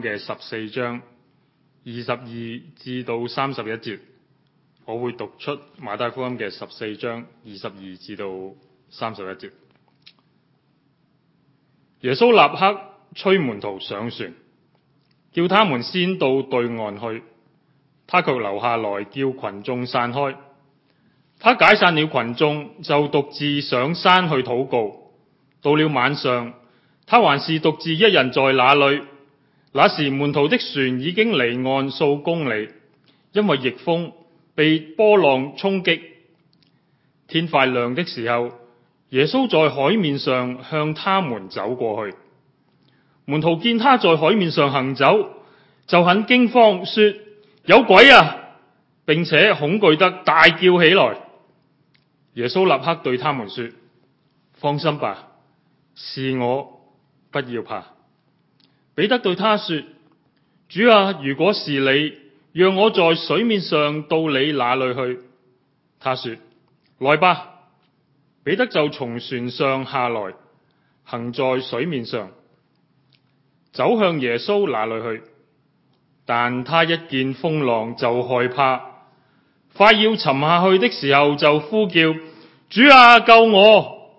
嘅十四章二十二至到三十一節，我會讀出馬太福音嘅十四章二十二至到三十一節。耶穌立刻催門徒上船，叫他們先到對岸去。他卻留下來叫群眾散開。他解散了群眾，就獨自上山去禱告。到了晚上，他還是獨自一人在那裡。那時門徒的船已經離岸數公里，因為逆風被波浪衝擊。天快亮的時候，耶穌在海面上向他們走過去。門徒見他在海面上行走，就很驚慌說，說：有鬼啊！並且恐懼得大叫起來。耶穌立刻對他們說：放心吧，是我，不要怕。彼得對他說：主啊，如果是你，讓我在水面上到你那裏去。他說：來吧。彼得就從船上下來，行在水面上，走向耶穌那裏去。但他一見風浪就害怕，快要沉下去的時候就呼叫：主啊，救我！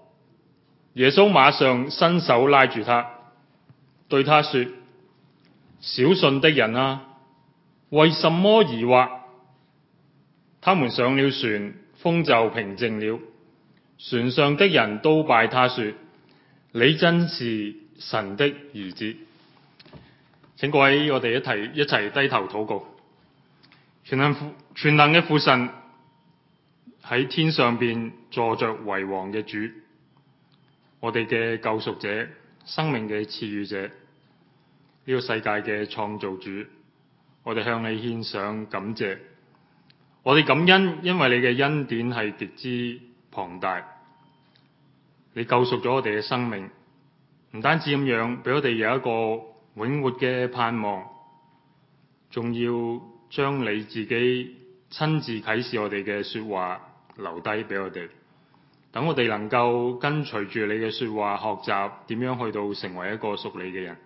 耶穌馬上伸手拉住他。對他說：小信的人啊，為什麼疑惑？他們上了船，風就平靜了。船上的人都拜他說：你真是神的兒子。請各位我，我哋一提一齊低頭禱告。全能全能嘅父神喺天上邊坐着為王嘅主，我哋嘅救贖者、生命嘅賜予者。呢個世界嘅創造主，我哋向你獻上感謝。我哋感恩，因為你嘅恩典係極之龐大。你救贖咗我哋嘅生命，唔單止咁樣俾我哋有一個永活嘅盼望，仲要將你自己親自啟示我哋嘅說話留低俾我哋。等我哋能夠跟隨住你嘅說話學習，點樣去到成為一個屬你嘅人。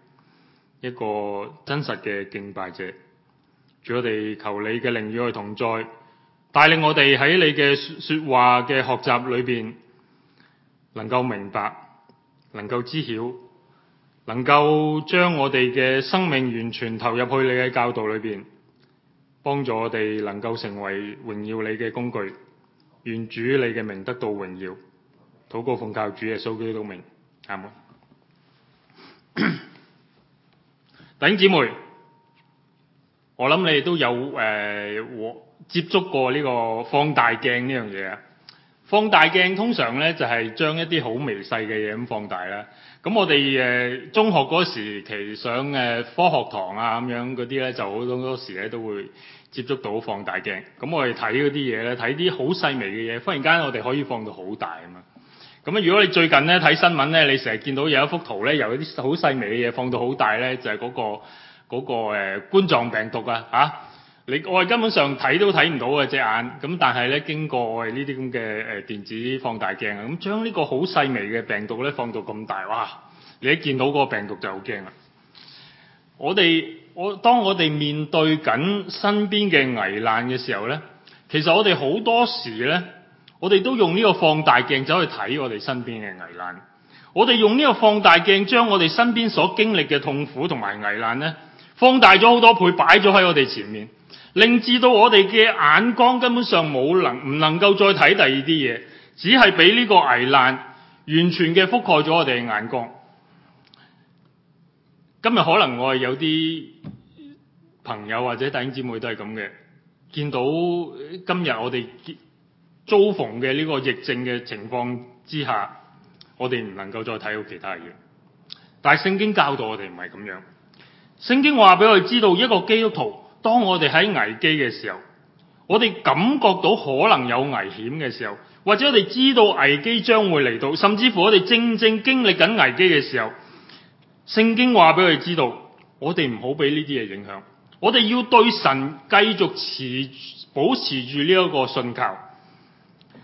一個真實嘅敬拜者，主，我哋求你嘅靈與我同在，帶領我哋喺你嘅說話嘅學習裏邊，能夠明白，能夠知曉，能夠將我哋嘅生命完全投入去你嘅教導裏邊，幫助我哋能夠成為榮耀你嘅工具，願主你嘅名得到榮耀，禱告奉靠主耶穌基督嘅名，阿門。 弟兄姊妹，我諗你哋都有誒、呃、接觸過呢個放大鏡呢樣嘢。啊，放大鏡通常咧就係、是、將一啲好微細嘅嘢咁放大啦。咁我哋誒、呃、中學嗰時期，上誒、呃、科學堂啊咁樣啲咧，就好多多時咧都會接觸到放大鏡，咁我哋睇啲嘢咧，睇啲好細微嘅嘢，忽然間我哋可以放到好大啊嘛～咁如果你最近咧睇新聞咧，你成日見到有一幅圖咧，由一啲好細微嘅嘢放到好大咧，就係嗰個嗰個誒冠狀病毒啊嚇！你我係根本上睇都睇唔到嘅隻眼，咁但係咧經過我哋呢啲咁嘅誒電子放大鏡啊，咁將呢個好細微嘅病毒咧放到咁大，哇！你一見到嗰個病毒就好驚啦！我哋我當我哋面對緊身邊嘅危難嘅時候咧，其實我哋好多時咧。我哋都用呢個放大鏡走去睇我哋身邊嘅危難。我哋用呢個放大鏡將我哋身邊所經歷嘅痛苦同埋危難呢，放大咗好多倍，擺咗喺我哋前面，令至到我哋嘅眼光根本上冇能唔能夠再睇第二啲嘢，只係俾呢個危難完全嘅覆蓋咗我哋嘅眼光。今日可能我係有啲朋友或者弟兄姊妹都係咁嘅，見到今日我哋遭逢嘅呢個疫症嘅情況之下，我哋唔能夠再睇到其他嘢。但係聖經教導我哋唔係咁樣。聖經話俾我哋知道，一個基督徒，當我哋喺危機嘅時候，我哋感覺到可能有危險嘅時候，或者我哋知道危機將會嚟到，甚至乎我哋正正經歷緊危機嘅時候，聖經話俾我哋知道，我哋唔好俾呢啲嘢影響，我哋要對神繼續持保持住呢一個信靠。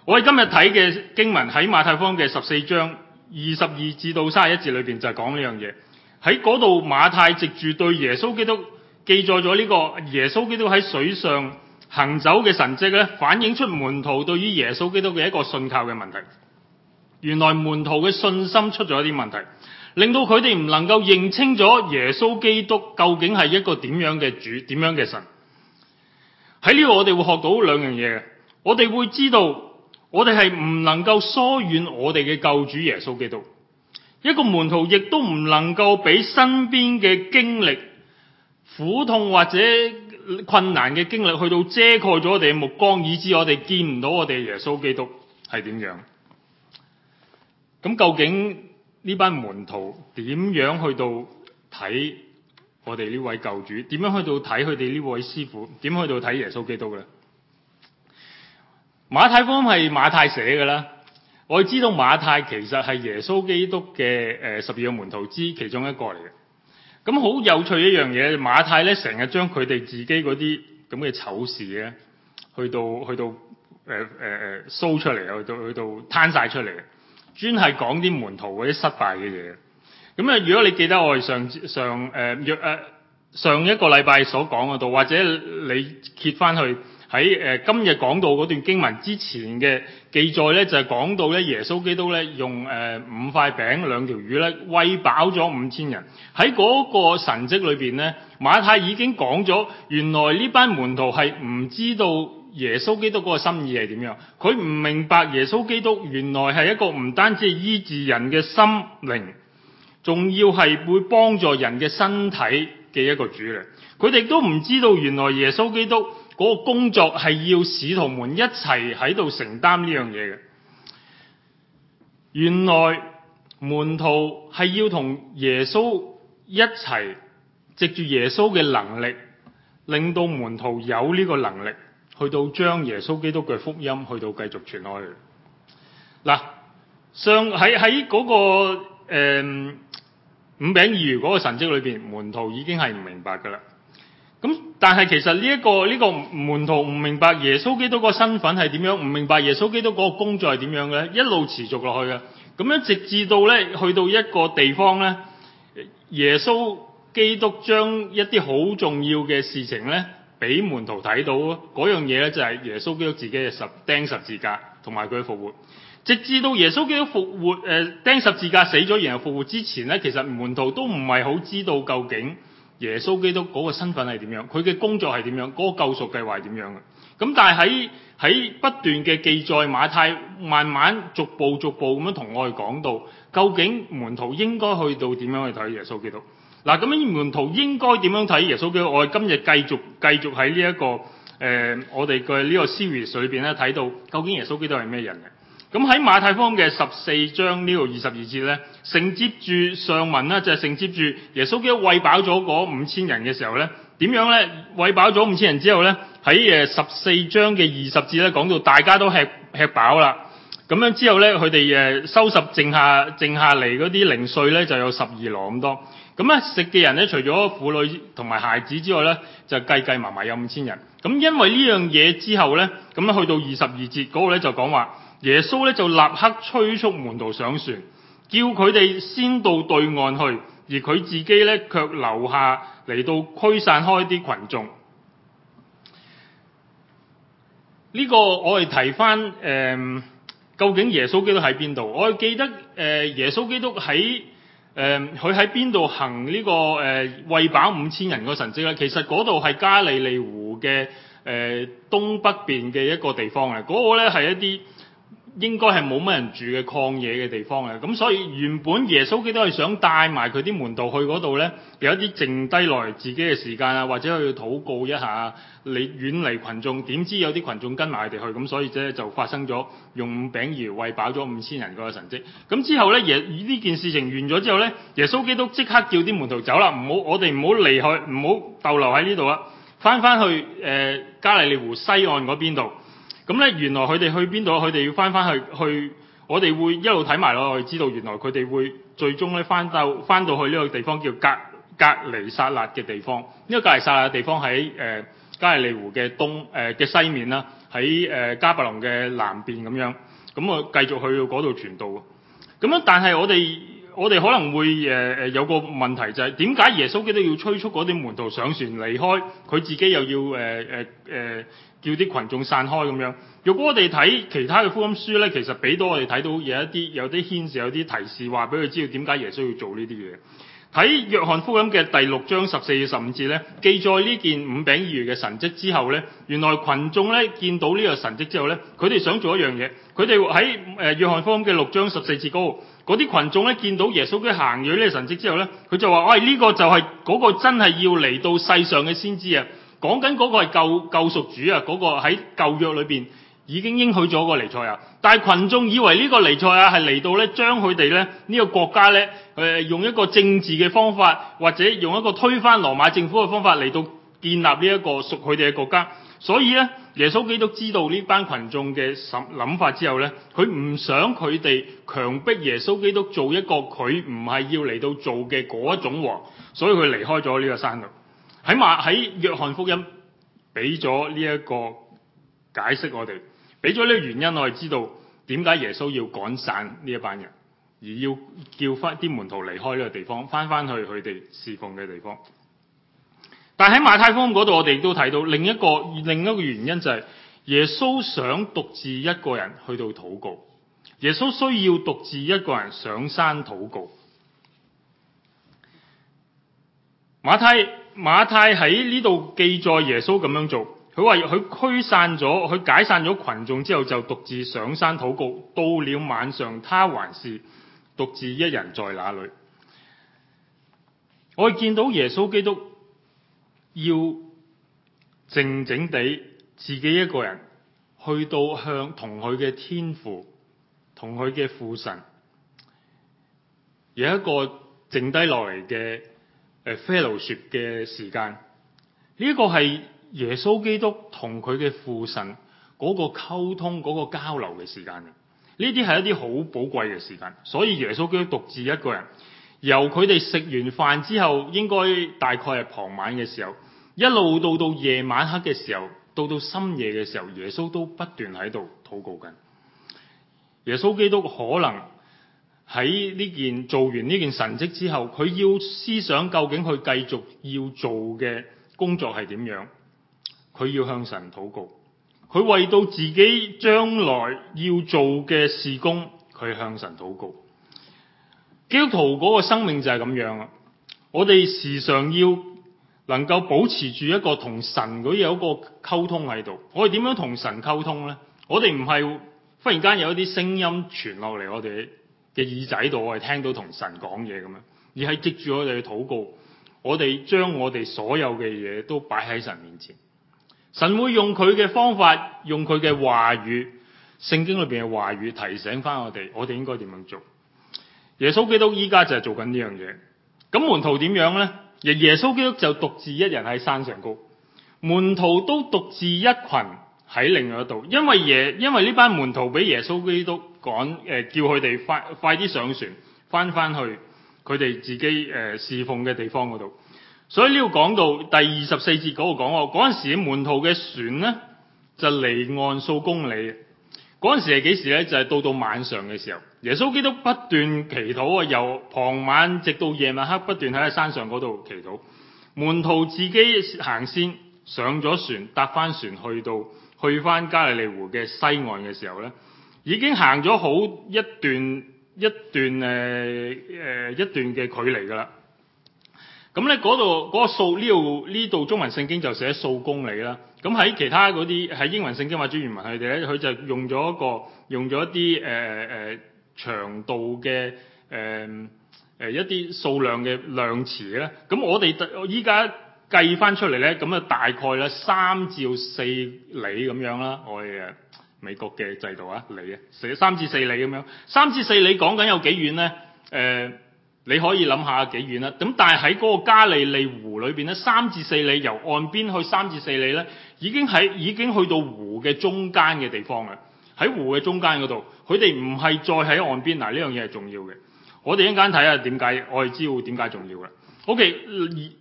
我哋今日睇嘅經文喺馬太福音嘅十四章二十二至到三十一節裡邊，就係講呢樣嘢。喺嗰度馬太籍住對耶穌基督記載咗呢個耶穌基督喺水上行走嘅神跡咧，反映出門徒對於耶穌基督嘅一個信靠嘅問題。原來門徒嘅信心出咗一啲問題，令到佢哋唔能夠認清咗耶穌基督究竟係一個點樣嘅主，點樣嘅神。喺呢個我哋會學到兩樣嘢，我哋會知道。我哋係唔能夠疏遠我哋嘅救主耶穌基督，一個門徒亦都唔能夠俾身邊嘅經歷苦痛或者困難嘅經歷去到遮蓋咗我哋嘅目光，以致我哋見唔到我哋耶穌基督係點樣。咁究竟呢班門徒點樣去到睇我哋呢位救主？點樣去到睇佢哋呢位師傅？點去到睇耶穌基督嘅呢？馬太福音係馬太寫嘅啦，我哋知道馬太其實係耶穌基督嘅誒、呃、十二個門徒之其中一個嚟嘅。咁好有趣一樣嘢，馬太咧成日將佢哋自己嗰啲咁嘅醜事咧，去到去到誒誒誒，搜出嚟，去到，呃呃呃、去到，去到，去到，去到攤晒出嚟，專係講啲門徒嗰啲失敗嘅嘢。咁啊，如果你記得我哋上上誒約誒上一個禮拜所講嗰度，或者你揭翻去。喺誒、呃、今日講到嗰段經文之前嘅記載咧，就係、是、講到咧耶穌基督咧用誒、呃、五塊餅兩條魚咧餵飽咗五千人。喺嗰個神蹟裏邊咧，馬太已經講咗，原來呢班門徒係唔知道耶穌基督嗰個心意係點樣，佢唔明白耶穌基督原來係一個唔單止係醫治人嘅心靈，仲要係會幫助人嘅身體嘅一個主嚟。佢哋都唔知道原來耶穌基督。嗰個工作係要使徒們一齊喺度承擔呢樣嘢嘅。原來門徒係要同耶穌一齊藉住耶穌嘅能力，令到門徒有呢個能力，去到將耶穌基督嘅福音去到繼續傳開去。嗱，上喺喺嗰個、呃、五餅二魚嗰個神蹟裏邊，門徒已經係唔明白㗎喇。咁但係其實呢、這、一個呢、呢個門徒唔明白耶穌基督個身份係點樣，唔明白耶穌基督嗰個工作係點樣嘅，一路持續落去嘅。咁樣直至到咧去到一個地方咧，耶穌基督將一啲好重要嘅事情咧，俾門徒睇到。嗰樣嘢咧就係、是、耶穌基督自己嘅十釘十字架同埋佢嘅復活。直至到耶穌基督復活誒、呃、釘十字架死咗然後復活之前咧，其實門徒都唔係好知道究竟。耶穌基督嗰個身份係點樣？佢嘅工作係點樣？嗰個救贖計劃係點樣嘅？咁但係喺喺不斷嘅記載馬太，慢慢逐步逐步咁樣同我哋講到，究竟門徒應該去到點樣去睇耶穌基督？嗱，咁樣門徒應該點樣睇耶穌基督？我哋今日繼續繼續喺呢一個誒、呃，我哋嘅呢個 series 裏邊咧睇到，究竟耶穌基督係咩人嘅？咁喺馬太福音嘅十四章呢度二十二節咧，承接住上文咧，就係、是、承接住耶穌基督餵飽咗嗰五千人嘅時候咧，點樣咧餵飽咗五千人之後咧，喺誒十四章嘅二十節咧講到大家都吃吃飽啦，咁樣之後咧佢哋誒收拾剩下剩下嚟嗰啲零碎咧就有十二籮咁多，咁咧食嘅人咧除咗婦女同埋孩子之外咧，就計計埋埋有五千人，咁因為呢樣嘢之後咧，咁去到二十二節嗰、那個咧就講話。耶穌咧就立刻催促門徒上船，叫佢哋先到對岸去，而佢自己咧卻留下嚟，到驅散開啲群眾。呢、這個我哋提翻誒、呃，究竟耶穌基督喺邊度？我記得誒，耶穌基督喺誒，佢喺邊度行呢、這個誒、呃、喂飽五千人個神蹟咧？其實嗰度係加利利湖嘅誒、呃、東北邊嘅一個地方啊。嗰、那個咧係一啲。應該係冇乜人住嘅曠野嘅地方嘅。咁所以原本耶穌基督係想帶埋佢啲門徒去嗰度咧，有一啲剩低來自己嘅時間啊，或者去禱告一下，你遠離群眾。點知有啲群眾跟埋佢哋去，咁所以啫就發生咗用五餅二魚餵飽咗五千人個神跡。咁之後咧，耶呢件事情完咗之後咧，耶穌基督即刻叫啲門徒走啦，唔好我哋唔好離開，唔好逗留喺呢度啊！返返去誒、呃、加利利湖西岸嗰邊度。咁咧，原來佢哋去邊度？佢哋要翻翻去去，我哋會一路睇埋咯。我哋知道原來佢哋會最終咧翻到翻到去呢個地方叫隔隔離撒辣嘅地方。因為隔離撒辣嘅地方喺誒、呃、加利利湖嘅東誒嘅、呃、西面啦，喺誒、呃、加伯龍嘅南邊咁樣。咁啊，繼續去到嗰度傳道。咁樣，但係我哋我哋可能會誒誒、呃呃、有個問題就係點解耶穌基督要催促嗰啲門徒上船離開，佢自己又要誒誒誒？呃呃呃呃呃呃叫啲群眾散開咁樣。如果我哋睇其他嘅福音書呢，其實俾到我哋睇到有一啲有啲牽涉、有啲提示，話俾佢知道點解耶穌要做呢啲嘢。喺約翰福音嘅第六章十四至十五節呢，記載呢件五餅二魚嘅神蹟之後呢，原來群眾呢見到呢個神蹟之後呢，佢哋想做一樣嘢。佢哋喺誒約翰福音嘅六章十四節嗰度，嗰啲群眾呢見到耶穌佢行咗呢個神蹟之後呢，佢就話：喂、哎，呢個就係嗰個真係要嚟到世上嘅先知啊！講緊嗰個係救救贖主啊，嗰、那個喺舊約裏邊已經應許咗個彌賽亞。但係群眾以為個賽亞呢個彌賽亞係嚟到咧，將佢哋咧呢個國家咧，誒、呃、用一個政治嘅方法或者用一個推翻羅馬政府嘅方法嚟到建立呢一個屬佢哋嘅國家，所以咧耶穌基督知道呢班群眾嘅諗法之後咧，佢唔想佢哋強迫耶穌基督做一個佢唔係要嚟到做嘅嗰一種王，所以佢離開咗呢個山。喺碼喺約翰福音俾咗呢一個解釋我哋，俾咗呢個原因我哋知道點解耶穌要趕散呢一班人，而要叫翻啲門徒離開呢個地方，翻翻去佢哋侍奉嘅地方。但係喺馬太福嗰度，我哋都睇到另一個另一個原因就係、是、耶穌想獨自一個人去到禱告，耶穌需要獨自一個人上山禱告，馬太。馬太喺呢度記載耶穌咁樣做，佢話佢驅散咗，佢解散咗群衆之後就獨自上山禱告。到了晚上，他還是獨自一人在那裏。我見到耶穌基督要靜靜地自己一個人去到向同佢嘅天父、同佢嘅父神有一個剩低落嚟嘅。誒，fellowship 嘅時間，呢一個係耶穌基督同佢嘅父神嗰個溝通、嗰個交流嘅時間。呢啲係一啲好寶貴嘅時間，所以耶穌基督獨自一個人，由佢哋食完飯之後，應該大概係傍晚嘅時候，一路到到夜晚黑嘅時候，到到深夜嘅時候，耶穌都不斷喺度禱告緊。耶穌基督可能。喺呢件做完呢件神跡之後，佢要思想究竟佢繼續要做嘅工作係點樣？佢要向神禱告，佢為到自己將來要做嘅事工，佢向神禱告。基督徒嗰個生命就係咁樣啊！我哋時常要能夠保持住一個同神佢有一個溝通喺度。我哋點樣同神溝通咧？我哋唔係忽然間有一啲聲音傳落嚟，我哋。嘅耳仔度，我哋聽到同神講嘢咁樣，而係藉住我哋嘅禱告，我哋將我哋所有嘅嘢都擺喺神面前，神會用佢嘅方法，用佢嘅話語，聖經裏邊嘅話語提醒翻，我哋我哋應該點樣做？耶穌基督依家，就係做緊呢樣嘢，咁門徒點樣咧？而耶穌基督就獨自一人喺山上高，門徒都獨自一群。喺另外一度，因為耶，因為呢班門徒俾耶穌基督趕，誒、呃、叫佢哋快快啲上船，翻翻去佢哋自己誒、呃、侍奉嘅地方嗰度。所以呢度講到第二十四節嗰度講，嗰陣時門徒嘅船呢就離岸數公里。嗰陣時係幾時咧？就係、是、到到晚上嘅時候，耶穌基督不斷祈禱啊，由傍晚直到夜晚黑，不斷喺喺山上嗰度祈禱。門徒自己行先上咗船，搭翻船去到。去返加利利湖嘅西岸嘅時候咧，已經行咗好一段一段誒誒一段嘅，呃，距離噶啦。咁咧嗰度嗰個數，呢度呢度中文聖經就寫數公里啦。咁，嗯、喺其他嗰啲喺英文聖經或者原文佢哋咧，佢就用咗一個用咗一啲誒誒長度嘅誒誒一啲數量嘅量詞咧。咁，嗯嗯、我哋依家計翻出嚟咧，咁啊大概咧三至四里咁樣啦，我哋美國嘅制度啊，里啊，三至四里咁樣，三至四里講緊有幾遠咧？誒、呃，你可以諗下幾遠啦。咁但係喺嗰個加利利湖裏邊咧，三至四里由岸邊去三至四里咧，已經喺已經去到湖嘅中間嘅地方啦。喺湖嘅中間嗰度，佢哋唔係再喺岸邊嗱。呢樣嘢係重要嘅。我哋一陣間睇下點解我哋知道點解重要啦。OK，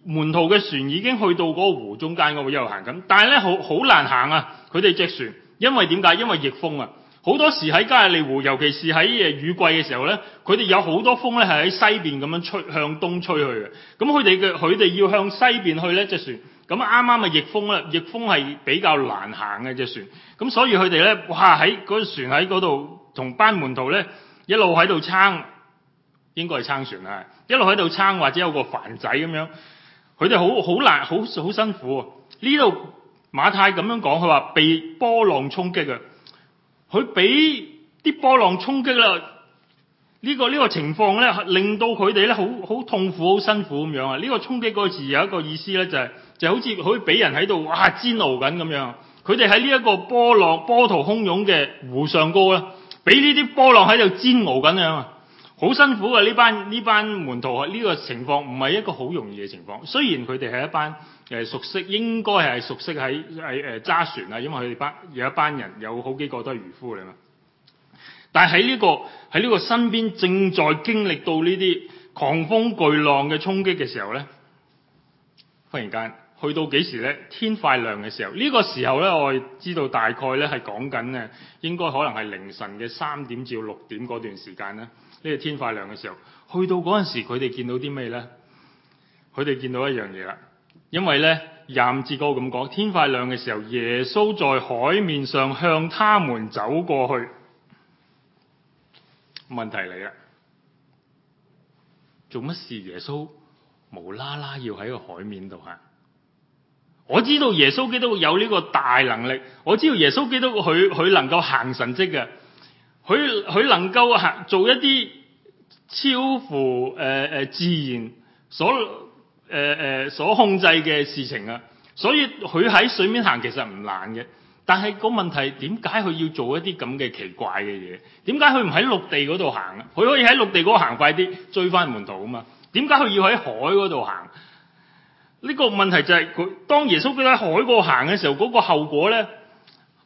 門徒嘅船已經去到嗰湖中間嗰度，一路行緊，但係咧好好難行啊！佢哋隻船，因為點解？因為逆風啊！好多時喺加利利湖，尤其是喺雨季嘅時候咧，佢哋有好多風咧係喺西邊咁樣吹，向東吹去嘅。咁佢哋嘅佢哋要向西邊去咧隻船，咁啱啱嘅逆風啦，逆風係比較難行嘅隻船。咁所以佢哋咧，哇喺嗰隻船喺嗰度，同班門徒咧一路喺度撐。應該係撐船啊，一路喺度撐或者有個帆仔咁樣，佢哋好好難好好辛苦。啊。呢度馬太咁樣講，佢話被波浪衝擊啊。佢俾啲波浪衝擊啦。呢個呢個情況咧，令到佢哋咧好好痛苦、好辛苦咁樣啊！呢個衝擊嗰個有一個意思咧，就係就好似佢俾人喺度哇煎熬緊咁樣。佢哋喺呢一個波浪波濤洶湧嘅湖上高咧，俾呢啲波浪喺度煎熬緊咁樣啊！好辛苦啊！呢班呢班門徒啊，呢個情況唔係一個好容易嘅情況。雖然佢哋係一班誒、呃、熟悉，應該係熟悉喺喺誒揸船啊，因為佢哋班有一班人，有好幾個都係漁夫嚟嘛、嗯，但係呢個喺呢個身邊正在經歷到呢啲狂風巨浪嘅衝擊嘅時候咧，忽然間去到幾時咧？天快亮嘅時候，呢個時候咧，我哋知道大概咧係講緊咧應該可能係凌晨嘅三點至六點嗰段時間啦。呢個天快亮嘅時候，去到嗰陣時，佢哋見到啲咩咧？佢哋見到一樣嘢啦，因為咧廿五節嗰個咁講，天快亮嘅時候，耶穌在海面上向他們走過去。問題嚟啦，做乜事？耶穌無啦啦要喺個海面度行。我知道耶穌基督有呢個大能力，我知道耶穌基督佢佢能夠行神迹嘅。佢佢能夠行做一啲超乎誒誒、呃、自然所誒誒、呃呃、所控制嘅事情啊！所以佢喺水面行其實唔難嘅，但係個問題點解佢要做一啲咁嘅奇怪嘅嘢？點解佢唔喺陸地嗰度行啊？佢可以喺陸地嗰度行快啲追翻門徒啊嘛？點解佢要喺海嗰度行？呢、呢個問題就係、係、佢當耶穌佢喺海嗰度行嘅時候，嗰、嗰個後果咧，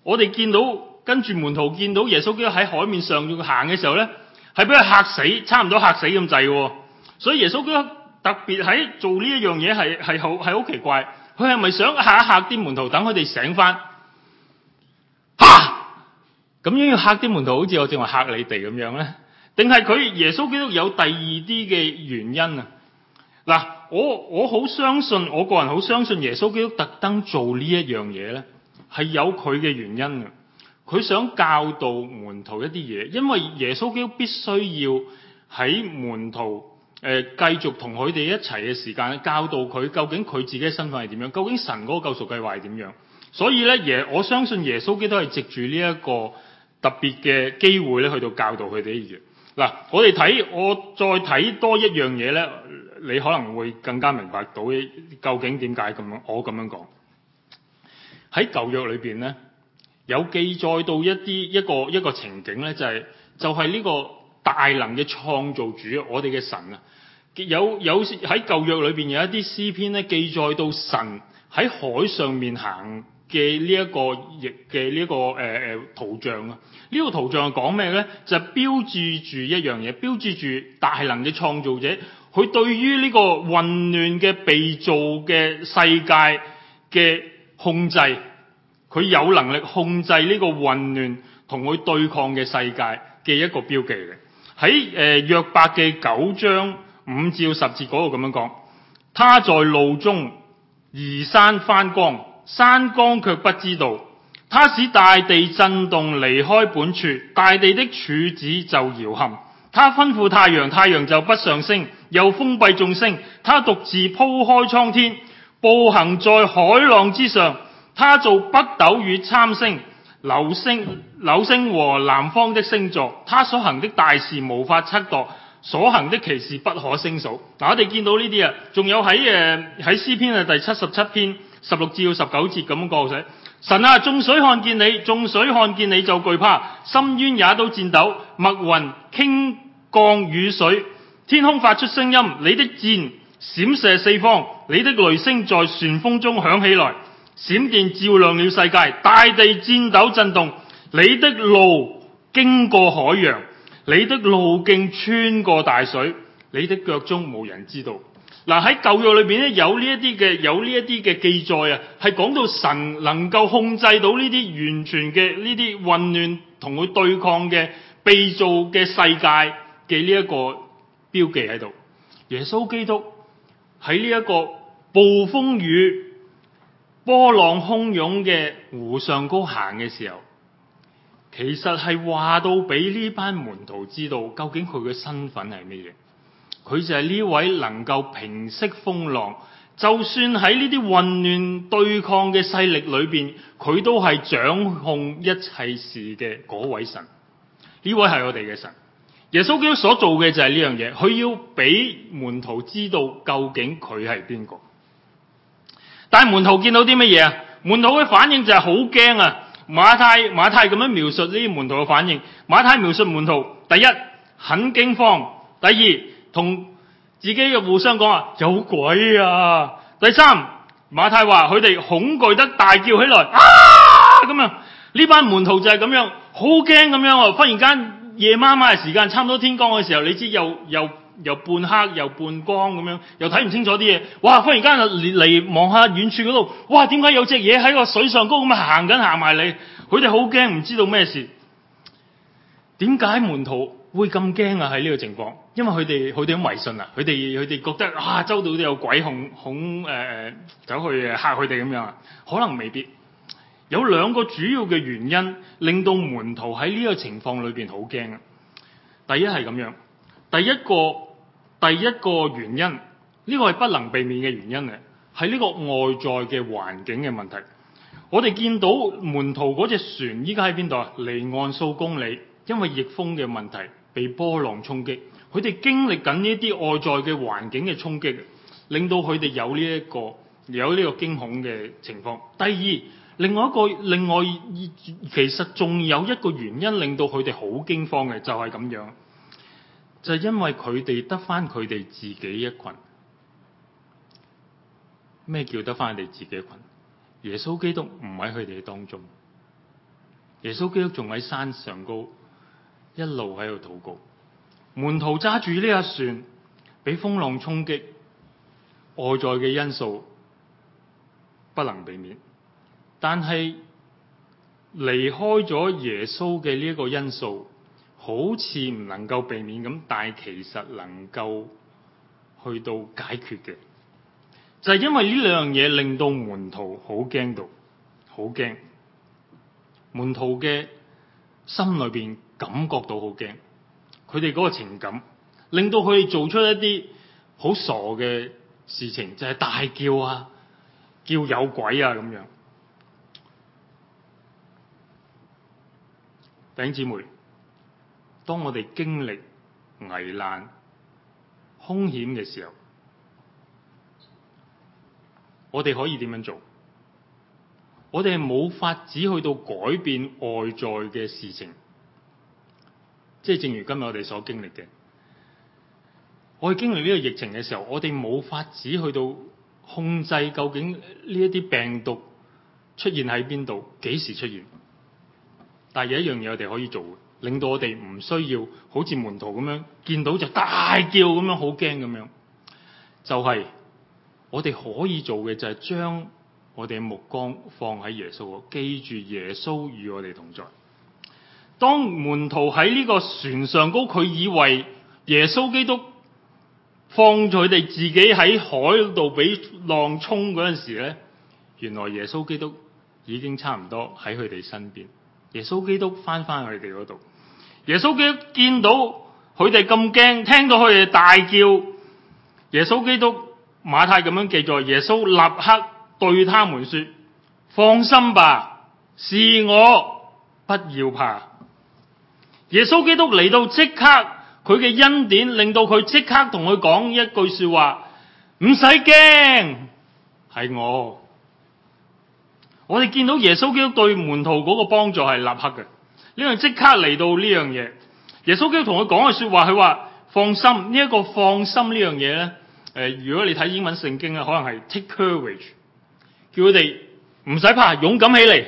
我哋見到。跟住門徒見到耶穌基督喺海面上行嘅時候咧，係俾佢嚇死，差唔多嚇死咁滯。所以耶穌基督特別喺做呢一樣嘢，係係好係好奇怪。佢係咪想嚇一嚇啲門徒，等佢哋醒翻？吓，咁樣要嚇啲門徒，好似我正話嚇你哋咁樣咧？定係佢耶穌基督有第二啲嘅原因啊？嗱，我我好相信，我個人好相信耶穌基督特登做呢一樣嘢咧，係有佢嘅原因嘅。佢想教導門徒一啲嘢，因為耶穌基督必須要喺門徒誒、呃、繼續同佢哋一齊嘅時間，教導佢究竟佢自己嘅身份係點樣，究竟神嗰個救贖計劃係點樣。所以咧，耶我相信耶穌基督係藉住呢一個特別嘅機會咧，去到教導佢哋一樣嘢。嗱，我哋睇我再睇多一樣嘢咧，你可能會更加明白到究竟點解咁樣，我咁樣講喺舊約裏邊咧，有記載到一啲一個一個情景咧，就係、是、就係、是、呢個大能嘅創造主，我哋嘅神啊，有有喺舊約裏邊有一啲詩篇咧，記載到神喺海上面行嘅呢一個嘅呢一個誒誒、呃、圖像啊，呢、這個圖像係講咩咧？就係、是、標誌住一樣嘢，標誌住大能嘅創造者，佢對於呢個混亂嘅被造嘅世界嘅控制。佢有能力控制呢個混亂同佢對抗嘅世界嘅一個標記嘅。喺誒約伯嘅九章五至十節嗰度咁樣講，他在路中移山翻光，山光卻不知道；他使大地震動離開本處，大地的柱子就搖撼。他吩咐太陽，太陽就不上升，又封閉眾星。他獨自鋪開蒼天，步行在海浪之上。他做北斗與參星、流星、柳星和南方的星座，他所行的大事無法測度，所行的奇事不可勝數。嗱、啊，我哋見到呢啲啊，仲有喺誒喺詩篇嘅第七十七篇十六至到十九節咁樣講嘅，神啊，眾水看見你，眾水看見你就懼怕，深淵也都顫抖，密雲傾降雨水，天空發出聲音，你的箭閃射四方，你的雷聲在旋風中響起來。閃電照亮了世界，大地顫抖震動。你的路經過海洋，你的路徑穿過大水，你的腳蹤無人知道。嗱，喺舊約裏邊咧，有呢一啲嘅有呢一啲嘅記載啊，係講到神能夠控制到呢啲完全嘅呢啲混亂同佢對抗嘅被造嘅世界嘅呢一個標記喺度。耶穌基督喺呢一個暴風雨，波浪洶湧嘅湖上高行嘅時候，其實係話到俾呢班門徒知道究竟佢嘅身份係乜嘢。佢就係呢位能夠平息風浪，就算喺呢啲混亂對抗嘅勢力裏邊，佢都係掌控一切事嘅嗰位神。呢位係我哋嘅神，耶穌基督所做嘅就係呢樣嘢，佢要俾門徒知道究竟佢係邊個。但係門徒見到啲乜嘢啊？門徒嘅反應就係好驚啊！馬太馬太咁樣描述呢啲門徒嘅反應。馬太描述門徒：第一，很驚慌；第二，同自己嘅互相講話，有鬼啊！第三，馬太話佢哋恐懼得大叫起來啊！咁啊，呢班門徒就係咁樣，好驚咁樣啊！忽然間，夜媽媽嘅時間，差唔多天光嘅時候，你知又又。又又半黑又半光咁樣，又睇唔清楚啲嘢。哇！忽然間嚟望下遠處度，哇！點解有隻嘢喺個水上高咁行緊行埋嚟？佢哋好驚，唔知道咩事。點解門徒會咁驚啊？喺呢個情況，因為佢哋佢哋好迷信啊，佢哋佢哋覺得啊，周到都有鬼恐恐誒，誒、呃、走去吓佢哋咁樣啊？可能未必。有兩個主要嘅原因，令到門徒喺呢個情況裏邊好驚。啊，第一係咁樣，第一個。第一個原因，呢個係不能避免嘅原因咧，係呢個外在嘅環境嘅問題。我哋見到門徒嗰隻船依家喺邊度啊？離岸數公里，因為逆風嘅問題被波浪衝擊，佢哋經歷緊呢啲外在嘅環境嘅衝擊，令到佢哋有呢一個有呢個驚恐嘅情況。第二，另外一個另外，其實仲有一個原因令到佢哋好驚慌嘅，就係咁樣。就因為佢哋得翻佢哋自己一群，咩叫得翻佢哋自己一群？耶穌基督唔喺佢哋當中，耶穌基督仲喺山上高，一路喺度禱告。門徒揸住呢一船，俾風浪衝擊，外在嘅因素不能避免，但係離開咗耶穌嘅呢一個因素。好似唔能夠避免咁，但係其實能夠去到解決嘅，就係因為呢兩樣嘢令到門徒好驚到，好驚。門徒嘅心裏邊感覺到好驚，佢哋個情感令到佢哋做出一啲好傻嘅事情，就係大叫啊，叫有鬼啊咁樣。弟兄姊妹。當我哋經歷危難、兇險嘅時候，我哋可以點樣做？我哋冇法子去到改變外在嘅事情，即係正如今日我哋所經歷嘅。我哋經歷呢個疫情嘅時候，我哋冇法子去到控制究竟呢一啲病毒出現喺邊度、幾時出現。但係有一樣嘢我哋可以做嘅令到我哋唔需要好似門徒咁樣見到就大叫咁樣好驚咁樣，就係、是、我哋可以做嘅就係將我哋目光放喺耶穌度，記住耶穌與我哋同在。當門徒喺呢個船上高，佢以為耶穌基督放咗佢哋自己喺海度俾浪沖陣時咧，原來耶穌基督已經差唔多喺佢哋身邊。耶穌基督翻翻去佢哋嗰度，耶穌基督見到佢哋咁驚，聽到佢哋大叫，耶穌基督馬太咁樣記載，耶穌立刻對他們說：「放心吧，是我，不要怕。」耶穌基督嚟到即刻，佢嘅恩典令到佢即刻同佢講一句說話：唔使驚，係我。我哋見到耶穌基督對門徒嗰個幫助係立刻嘅，因為即刻嚟到呢樣嘢，耶穌基督同佢講嘅說話，佢話放心，呢一個放心呢樣嘢咧，誒、呃，如果你睇英文聖經啊，可能係 take courage，叫佢哋唔使怕，勇敢起嚟。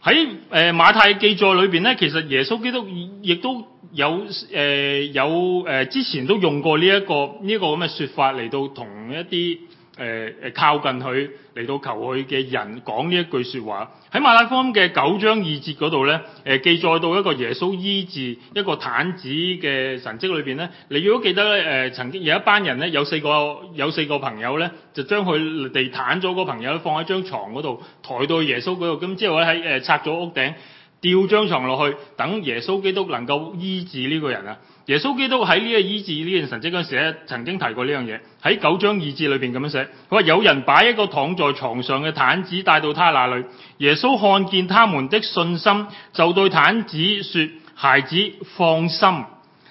喺誒、呃、馬太記載裏邊咧，其實耶穌基督亦都有誒、呃、有誒、呃、之前都用過呢一個呢個咁嘅說法嚟到同一啲，誒誒、呃、靠近佢嚟到求佢嘅人講呢一句說話，喺馬太福音嘅九章二節嗰度咧，誒、呃、記載到一個耶穌醫治一個癱子嘅神蹟裏邊咧，你如果記得咧，誒、呃、曾經有一班人咧，有四個有四個朋友咧，就將佢哋癱咗個朋友放喺張床嗰度，抬到去耶穌嗰度，咁之後咧喺誒拆咗屋頂，吊張床落去，等耶穌基督能夠醫治呢個人啊！耶穌基督喺呢個醫治呢件、這個、神跡嗰陣時咧，曾經提過呢樣嘢，喺九章二節裏邊咁樣寫，佢話有人把一個躺在床上嘅癱子帶到他那裡，耶穌看見他們的信心，就對癱子說：孩子，放心，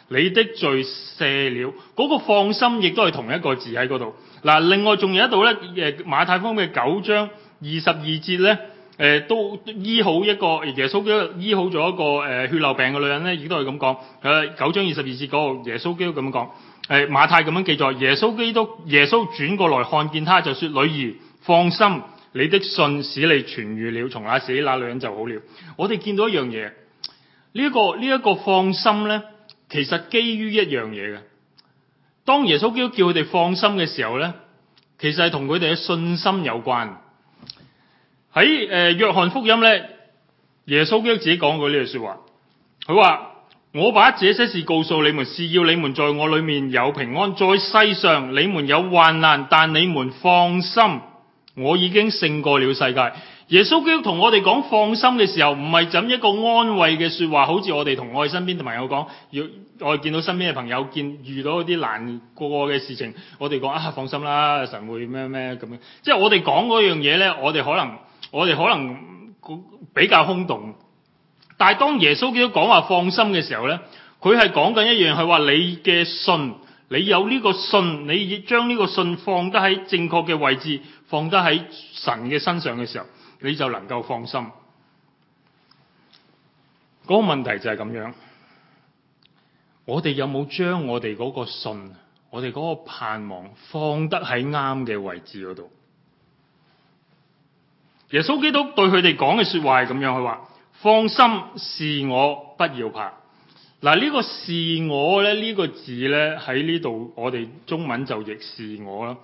你的罪赦了。嗰、那個放心亦都係同一個字喺嗰度。嗱，另外仲有一度咧，誒馬太福音嘅九章二十二節咧。誒，都醫好一個，耶好一個，個耶，耶穌基督醫好咗一個誒血流病嘅女人咧，亦都係咁講。誒，九章二十二節嗰個耶穌基督咁樣講。誒，馬太咁樣記載，耶穌基督耶穌轉過來看見他，就說：女兒，放心，你的信使你痊癒了，從那時那女人就好了。我哋見到一樣嘢，呢、這、一個呢一、這個放心咧，其實基於一樣嘢嘅。當耶穌基督叫佢哋放心嘅時候咧，其實係同佢哋嘅信心有關。喺誒、呃，約翰福音咧，耶穌基督自己講過呢句說話，佢話：我把這些事告訴你們，是要你們在我裏面有平安。在世上你們有患難，但你們放心，我已經勝過了世界。耶穌基督同我哋講放心嘅時候，唔係怎一個安慰嘅說話，好似我哋同我哋身邊同朋友講，要我見到身邊嘅朋友見遇到嗰啲難過嘅事情，我哋講啊，放心啦，神會咩咩咁樣。即係我哋講嗰樣嘢咧，我哋可能。我哋可能比較空洞，但係當耶穌基督講話放心嘅時候咧，佢係講緊一樣，係話你嘅信，你有呢個信，你將呢個信放得喺正確嘅位置，放得喺神嘅身上嘅時候，你就能夠放心。嗰個問題就係咁樣，我哋有冇將我哋個信，我哋個盼望放得喺啱嘅位置度？耶穌基督對佢哋講嘅說話係咁樣佢話，放心是我，不要怕。嗱、這、呢個是我咧呢、這個字咧喺呢度，我哋中文就譯是我啦。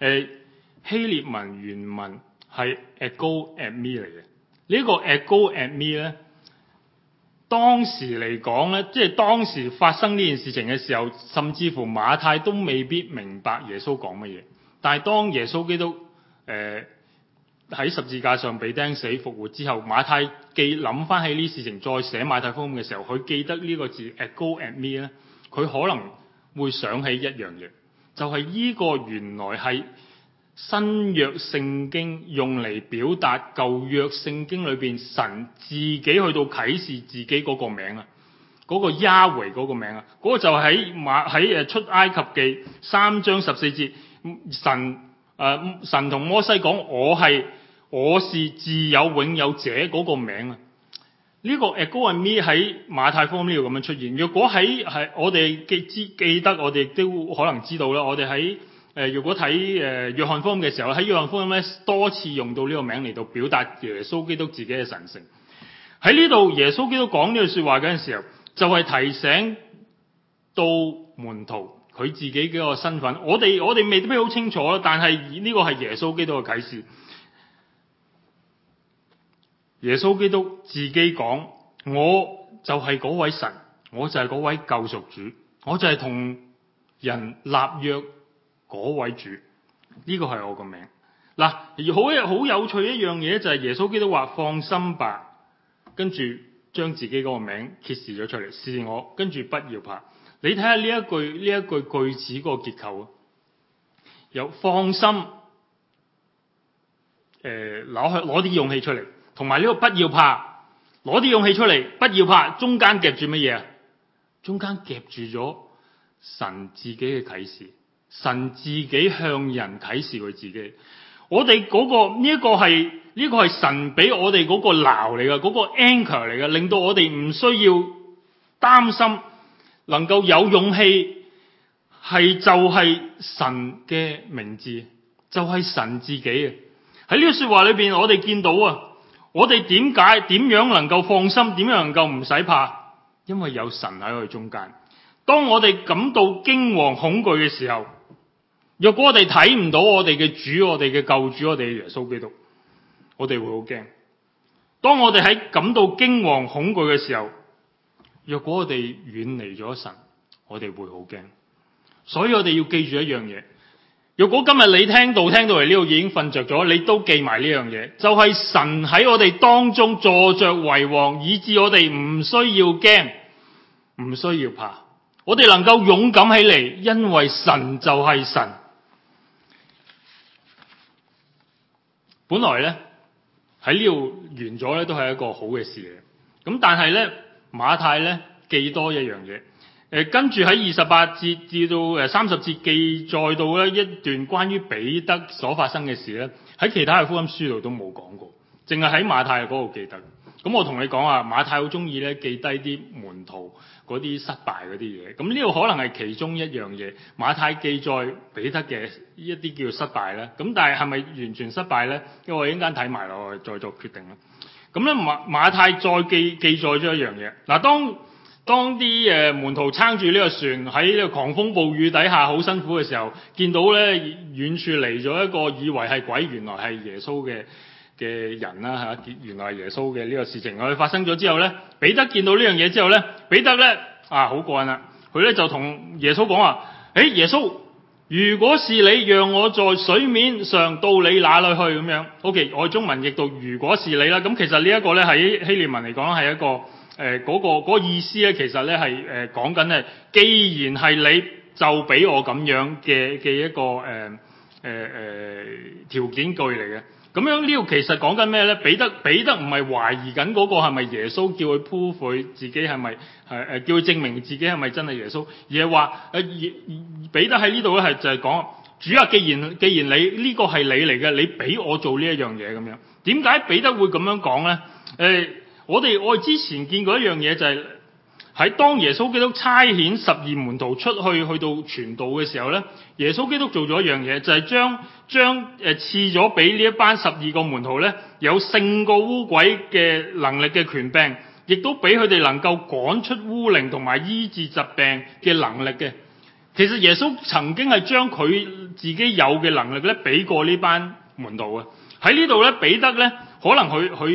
誒、呃、希臘文原文係 ego at me 嚟嘅。呢、這個 ego at me 咧，當時嚟講咧，即係當時發生呢件事情嘅時候，甚至乎馬太都未必明白耶穌講乜嘢。但係當耶穌基督誒、呃喺十字架上被釘死復活之後，馬太記諗翻起呢事情，再寫馬太福音嘅時候，佢記得呢個字 at g o at me 咧，佢可能會想起一樣嘢，就係、是、呢個原來係新約聖經用嚟表達舊約聖經裏邊神自己去到啟示自己嗰個名啊，嗰、那個亞維嗰個名啊，嗰、那個就喺馬喺誒出埃及記三章十四節，神誒、呃、神同摩西講我係。我是自有永有者名，這個名啊！呢個 Ego eimi 喺馬太福音呢度咁樣出現。若果喺係我哋記知記得，我哋都可能知道啦。我哋喺誒，若果睇，誒，約翰福音嘅時候，喺約翰福音咧多次用到呢個名嚟到表達耶穌基督自己嘅神聖。喺呢度耶穌基督講呢句說話陣時候，就係、是、提醒到門徒佢自己嘅一個身份。我哋我哋未必好清楚啦，但係呢個係耶穌基督嘅啟示。耶穌基督自己講：我就係嗰位神，我就係嗰位救贖主，我就係同人立約嗰位主，呢、這個係我個名。嗱，好一好有趣的一樣嘢就係耶穌基督話：放心吧，跟住將自己嗰個名揭示咗出嚟，是我，跟住不要怕。你睇下呢一句呢一句句，句子嗰個結構有放心，誒、呃，攞啲勇氣出嚟。同埋呢個不要怕，攞啲勇氣出嚟，不要怕。中間夾住乜嘢啊？中間夾住咗神自己嘅啟示，神自己向人啟示佢自己。我哋嗰、那個呢一、這個係呢、這個係神俾我哋嗰個錨嚟嘅，嗰、那個 anchor 嚟嘅，令到我哋唔需要擔心，能夠有勇氣係就係、是、神嘅名字，就係、是、神自己嘅。喺呢個說話裏邊，我哋見到啊。我哋點解點樣能夠放心？點樣能夠唔使怕？因為有神喺我哋中間。當我哋感到驚惶恐懼嘅時候，若果我哋睇唔到我哋嘅主，我哋嘅救主，我哋耶穌基督，我哋會好驚。當我哋喺感到驚惶恐懼嘅時候，若果我哋遠離咗神，我哋會好驚。所以我哋要記住一樣嘢。如果今日你聽到聽到嚟，呢度已經瞓着咗，你都記埋呢樣嘢，就係神喺我哋當中坐著為王，以至我哋唔需要驚，唔需要怕，我哋能夠勇敢起嚟，因為神就係神。本來咧喺呢度完咗咧都係一個好嘅事嚟。咁但係咧馬太咧記多一樣嘢。誒，跟住喺二十八節至到誒三十節記載到咧一段關於彼得所發生嘅事咧，喺其他嘅福音書度都冇講過，淨係喺馬太嗰度記得。咁我同你講啊，馬太好中意咧記低啲門徒嗰啲失敗嗰啲嘢。咁呢個可能係其中一樣嘢，馬太記載彼得嘅一啲叫做失敗啦。咁但係係咪完全失敗咧？因為，我一陣間睇埋落去再做決定啦。咁咧馬馬太再記記載咗一樣嘢，嗱當，當啲誒門徒撐住呢個船喺呢個狂風暴雨底下好辛苦嘅時候，見到咧遠處嚟咗一個以為係鬼，原來係耶穌嘅嘅人啦嚇，原來係耶穌嘅呢個事情，佢發生咗之後咧，彼得見到呢樣嘢之後咧，彼得咧啊好過癮啦、啊，佢咧就同耶穌講話，誒、哎、耶穌，如果是你，讓我在水面上到你哪裏去咁樣？O.K. 我中文譯讀如果是你啦。咁其實呢一個咧喺希臘文嚟講係一個。誒，嗰、呃那個那個意思咧，其實咧係誒講緊咧，既然係你就俾我咁樣嘅嘅一個誒誒誒條件句嚟嘅。咁樣呢度其實講緊咩咧？彼得彼得唔係懷疑緊嗰個係咪耶穌叫佢 prove 自己係咪係誒叫佢證明自己係咪真係耶穌，而係話誒彼得喺呢度咧係就係、是、講主啊，既然既然你呢、這個係你嚟嘅，你俾我做呢一樣嘢咁樣，點解彼得會咁樣講咧？誒、呃？我哋我哋之前見過一樣嘢，就係、是、喺當耶穌基督差遣十二門徒出去去到傳道嘅時候咧，耶穌基督做咗一樣嘢，就係將將誒賜咗俾呢一班十二個門徒咧，有勝過污鬼嘅能力嘅權柄，亦都俾佢哋能夠趕出污靈同埋醫治疾病嘅能力嘅。其實耶穌曾經係將佢自己有嘅能力咧，俾過呢班門徒嘅。喺呢度咧，彼得咧。可能佢佢誒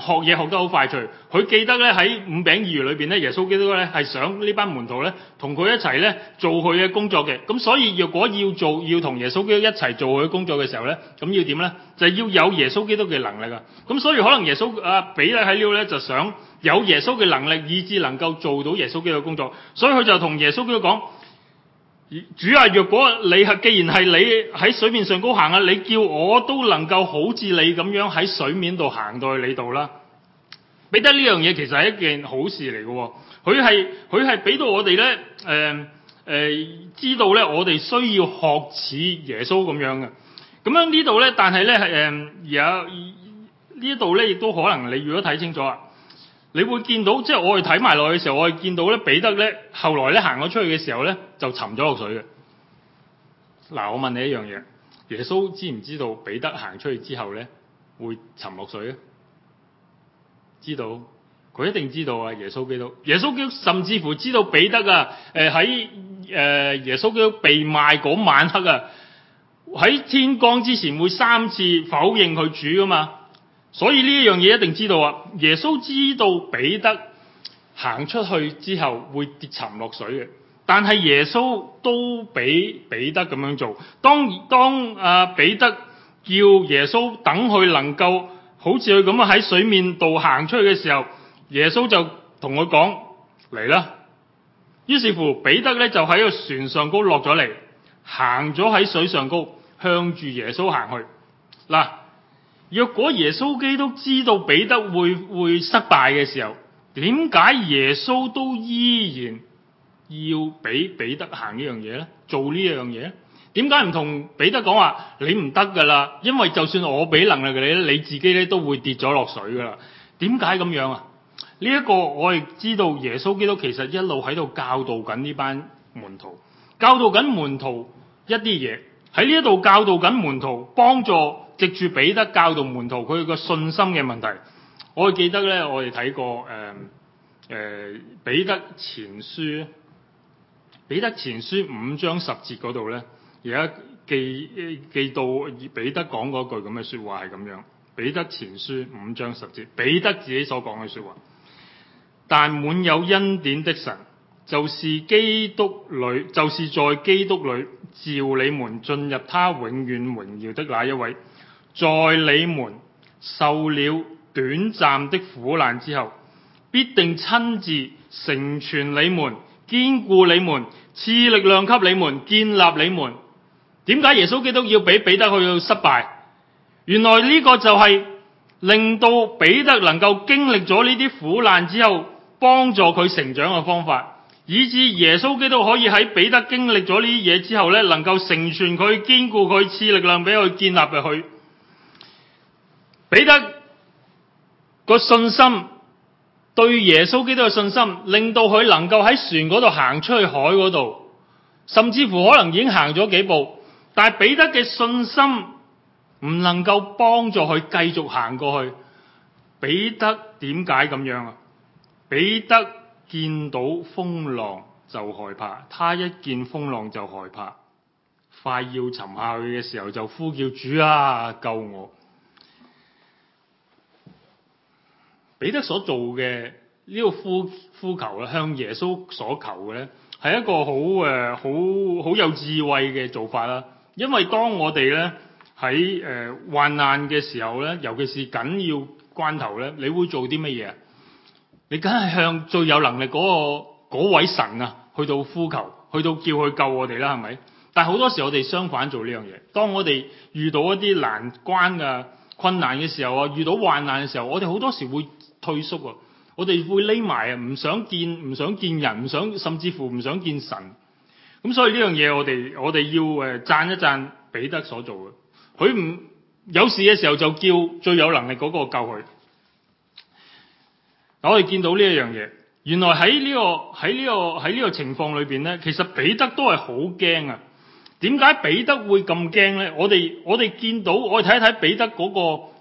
學嘢學得好快脆，佢記得咧喺五餅二魚裏邊咧，耶穌基督咧係想呢班門徒咧同佢一齊咧做佢嘅工作嘅。咁所以若果要做要同耶穌基督一齊做佢嘅工作嘅時候咧，咁要點咧？就要有耶穌基督嘅能力啊！咁所以可能耶穌啊彼得喺呢度咧，就想有耶穌嘅能力，以致能夠做到耶穌基督嘅工作。所以佢就同耶穌基督講。主啊，若果你係既然係你喺水面上高行啊，你叫我都能夠好似你咁樣喺水面度行到去你度啦。彼得呢樣嘢其實係一件好事嚟嘅。哦，佢係佢係俾到我哋咧，誒、呃、誒、呃，知道咧我哋需要學似耶穌咁樣嘅。咁樣呢度咧，但係咧係誒有呢度咧，亦、呃呃、都可能你如果睇清楚啊。你會見到，即係我哋睇埋落去嘅時候，我哋見到咧彼得咧，後來咧行咗出去嘅時候咧，就沉咗落水嘅。嗱，我問你一樣嘢，耶穌知唔知道彼得行出去之後咧會沉落水啊？知道，佢一定知道啊！耶穌基督，耶穌基督甚至乎知道彼得啊，誒喺誒耶穌基督被賣嗰晚黑啊，喺天光之前會三次否認佢主噶嘛？所以呢一樣嘢一定知道啊！耶穌知道彼得行出去之後會跌沉落水嘅，但係耶穌都俾彼得咁樣做。當當阿、啊、彼得叫耶穌等佢能夠好似佢咁啊喺水面度行出去嘅時候，耶穌就同佢講：「嚟啦！」。於是乎，彼得咧就喺個船上高落咗嚟，行咗喺水上高向住耶穌行去嗱。啊若果耶穌基督知道彼得會會失敗嘅時候，點解耶穌都依然要俾彼得行呢樣嘢呢？做呢樣嘢咧？點解唔同彼得講話你唔得噶啦？因為就算我俾能力你，你自己咧都會跌咗落水噶啦。點解咁樣啊？呢一個我亦知道耶穌基督其實一路喺度教導緊呢班門徒，教導緊門徒一啲嘢喺呢一度教導緊門徒，幫助,助。藉住彼得教導門徒佢個信心嘅問題，我記得咧，我哋睇過誒誒彼得前書，彼得前書五章十節嗰度咧，而家記、呃、記到彼得講嗰句咁嘅說話係咁樣，彼得前書五章十節，彼得自己所講嘅說話，但滿有恩典的神，就是基督裏，就是在基督裏召你們進入他永遠榮耀的那一位。在你們受了短暫的苦難之後，必定親自成全你們、堅固你們、賜力量給你們、建立你們。點解耶穌基督要俾彼得去到失敗？原來呢個就係令到彼得能夠經歷咗呢啲苦難之後，幫助佢成長嘅方法，以至耶穌基督可以喺彼得經歷咗呢啲嘢之後呢，能夠成全佢、堅固佢、賜力量俾佢建立入去。彼得個信心對耶穌基督嘅信心，令到佢能夠喺船嗰度行出去海嗰度，甚至乎可能已經行咗幾步，但係彼得嘅信心唔能夠幫助佢繼續行過去。彼得點解咁樣啊？彼得見到風浪就害怕，他一見風浪就害怕，快要沉下去嘅時候就呼叫主啊救我！彼得所做嘅呢、呢個呼呼求啊，向耶穌所求嘅咧，係一個好誒，好、呃、好有智慧嘅做法啦。因為當我哋咧喺誒患難嘅時候咧，尤其是緊要關頭咧，你會做啲乜嘢？你梗係向最有能力嗰、嗰位神啊，去到呼求，去到叫佢救我哋啦，係咪？但係好多時我哋相反做呢樣嘢。當我哋遇到一啲難關、困難嘅時候啊，遇到患難嘅時候，我哋好多時會。退縮啊，我哋會匿埋啊，唔想見，唔想見人，唔想甚至乎唔想見神。咁所以呢樣嘢我哋我哋要誒讚一讚彼得所做嘅，佢唔有事嘅時候就叫最有能力嗰個救佢。我哋見到呢一樣嘢，原來喺呢個喺呢個喺呢個情況裏邊咧，其實彼得都係好驚啊。點解彼得會咁驚咧？我哋我哋見到我哋睇一睇彼得嗰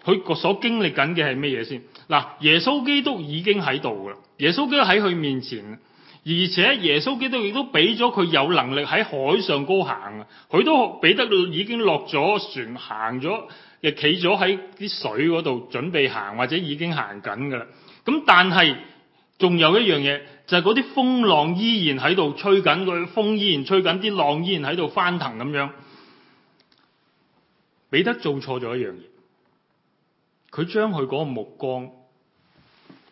個佢所經歷緊嘅係咩嘢先？嗱，耶穌基督已經喺度啦，耶穌基督喺佢面前，而且耶穌基督亦都俾咗佢有能力喺海上高行啊！佢都彼得已經落咗船，行咗，亦企咗喺啲水嗰度準備行，或者已經行緊噶啦。咁但係仲有一樣嘢，就係嗰啲風浪依然喺度吹緊，佢風依然吹緊，啲浪依然喺度翻騰咁樣。彼得做錯咗一樣嘢，佢將佢嗰個目光。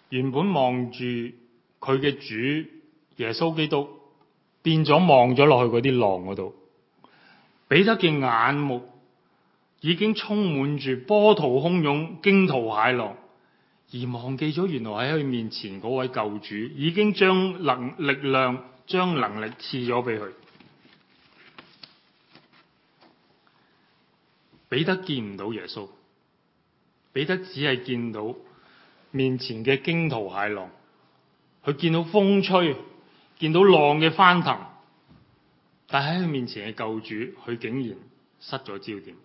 原本望住佢嘅主耶穌基督，變咗望咗落去嗰啲浪嗰度。彼得嘅眼目已經充滿住波濤洶湧、驚濤駭浪，而忘記咗原來喺佢面前嗰位救主，已經將能力量、將能力賜咗俾佢。彼得見唔到耶穌，彼得只係見到。面前嘅驚濤駭浪，佢見到風吹，見到浪嘅翻騰，但喺佢面前嘅救主，佢竟然失咗焦點。